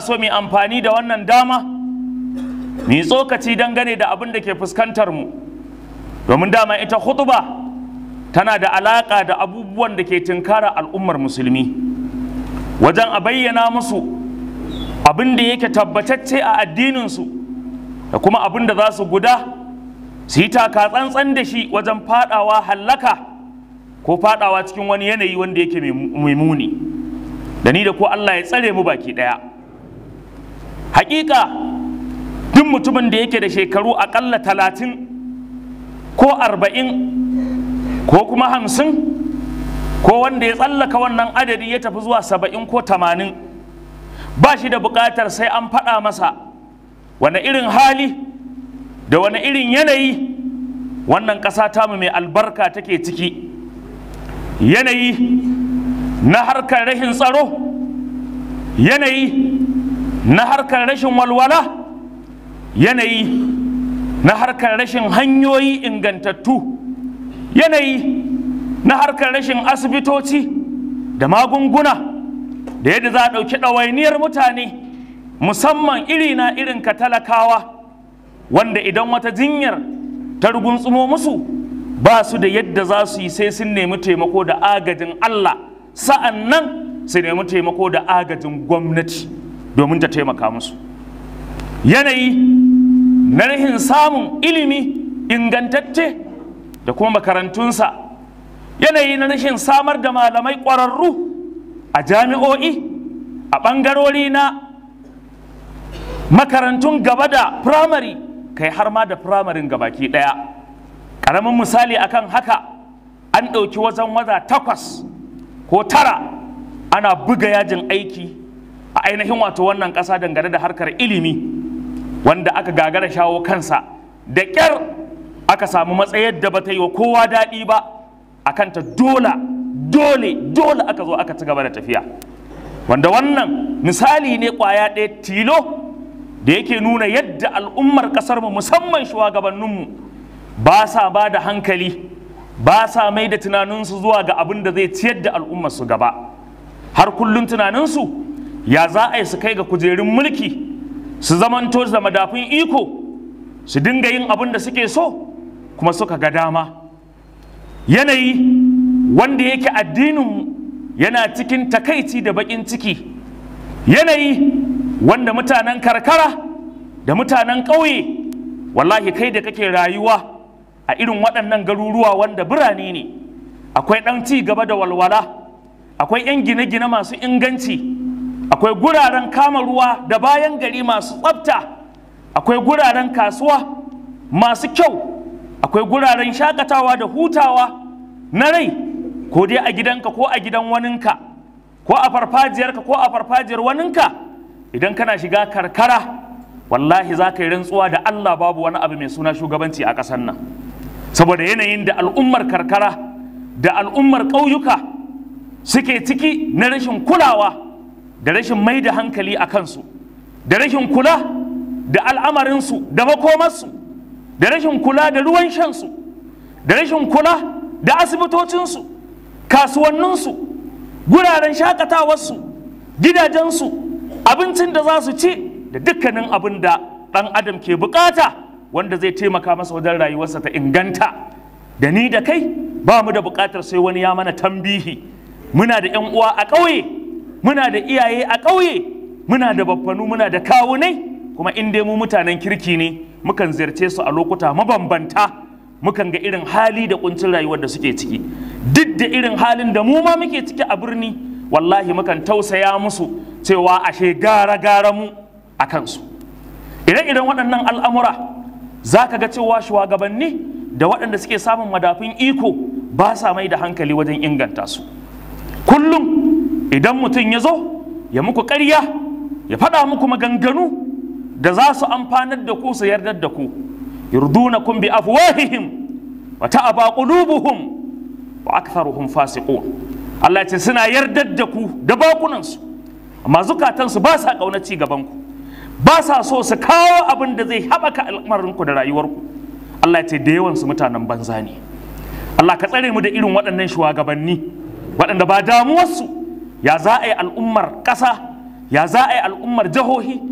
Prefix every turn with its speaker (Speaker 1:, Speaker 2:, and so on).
Speaker 1: so mu amfani da wannan dama mu yi tsokaci dangane da abin da ke fuskantar mu domin dama ita hutuba tana da alaƙa da abubuwan da ke tunkara al'ummar musulmi wajen a bayyana musu abin da yake tabbatacce a addininsu da kuma abin da za su guda su yi taka tsantsan da shi wajen fadawa hallaka ko fadawa cikin wani yanayi wanda yake mai muni da ni da ko Allah ya tsare mu baki daya hakika duk mutumin da yake da shekaru akalla talatin ko arba'in ko kuma hamsin ko wanda ya tsallaka wannan adadi ya tafi zuwa saba'in ko tamanin ba shi da buƙatar sai an faɗa masa wani irin hali da wani irin yanayi wannan ƙasa tamu mai albarka take ciki yanayi na harkar rahin tsaro yanayi na harkar rashin walwala yanayi na harkar rashin hanyoyi ingantattu yanayi na harkar rashin asibitoci da magunguna da yadda za a ɗauki ɗawainiyar mutane musamman iri na irin ka talakawa wanda idan wata jinyar ta rugunsumo musu ba su da yadda za su yi sai sun nemi taimako da agajin Allah sa'an nan su nemi taimako da agajin gwamnati domin ta taimaka musu yanayi na rahin samun ilimi ingantacce da kuma makarantunsa yanayi na rashin samar da malamai ƙwararru a jami'o'i a ɓangarori na makarantun gaba da firamare kai har ma da firamarin gabaki ɗaya karamin misali akan haka an ɗauki wajen waza takwas ko tara ana buga yajin aiki a ainihin wato wannan ƙasa dangane da harkar ilimi wanda aka gagara shawo kansa da ƙyar aka samu matsayar da bata yi wa kowa daɗi ba a kanta dole dole dole aka zo aka ci gaba da tafiya wanda wannan misali ne ƙwaya ɗaya tilo da yake nuna yadda al'ummar ƙasarmu musamman shugabanninmu ba sa ba da hankali ba sa mai da tunaninsu zuwa ga abin da zai ciyar da su gaba har kullum tunaninsu ya za a yi su kai ga kujerun mulki su zamanto da madafun iko su dinga yin abin da suke so kuma suka ga dama yanayi wanda yake addinin yana cikin takaici da bakin ciki yanayi wanda mutanen karkara da mutanen ƙauye wallahi kai da kake rayuwa a irin waɗannan garuruwa wanda birane ne akwai ɗan ci gaba da walwala akwai 'yan gine-gine masu inganci akwai guraren kama ruwa da bayan gari masu tsabta akwai guraren kasuwa masu kyau akwai guraren shakatawa da hutawa na rai ko dai a gidanka ko a gidan waninka ko a farfajiyarka ko a farfajiyar waninka idan kana shiga karkara wallahi za ka yi rantsuwa da Allah babu wani abu mai suna shugabanci a ƙasar nan saboda yanayin da al'ummar karkara da al'ummar ƙauyuka suke ciki na rashin kulawa da rashin mai da hankali a kansu da rashin kula da al'amarinsu da makomarsu da rashin kula da ruwan shansu da rashin kula da asibitocinsu kasuwanninsu guraren shakatawarsu gidajensu abincin da za su ci da dukkanin abin da ɗan adam ke bukata wanda zai taimaka masa wajen rayuwarsa ta inganta da ni da kai ba mu da bukatar sai wani ya mana tambihi muna da 'yan uwa a ƙauye muna da iyaye a ƙauye muna da baffanu muna da kawunai kuma in dai mu mutanen kirki ne mukan ziyarce su a lokuta mabambanta mukan ga irin hali da kuncin rayuwar da suke ciki duk da irin halin da mu ma muke ciki a birni wallahi mukan tausaya musu cewa ashe gara gara mu a kansu ire-iren waɗannan al'amura za ka ga cewa shugabanni da waɗanda suke samun madafin iko ba sa mai da hankali wajen inganta su kullum idan mutum ya zo ya muku ƙarya ya faɗa muku maganganu da za su amfanar da ku su yardar da ku yurdunakum bi afwahihim wa ta'aba qulubuhum wa aktharuhum fasiqun Allah ce suna yardar da ku da bakunansu amma zukatansu ba sa kauna ci gaban ku ba sa so su kawo abin da zai haɓaka al'amarinku da rayuwarku Allah ce da yawansu mutanen banza ne Allah ka tsare mu da irin waɗannan shugabanni waɗanda ba damuwarsu ya za a yi al'ummar ƙasa ya za a yi al'ummar jihohi